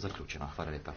zaključeno. Hvala lepa.